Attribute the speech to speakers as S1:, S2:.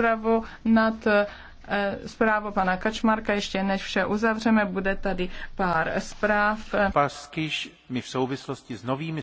S1: rozpravu nad eh, zprávu pana Kačmarka, ještě než vše uzavřeme, bude tady pár zpráv.
S2: Paskyš mi v souvislosti s novými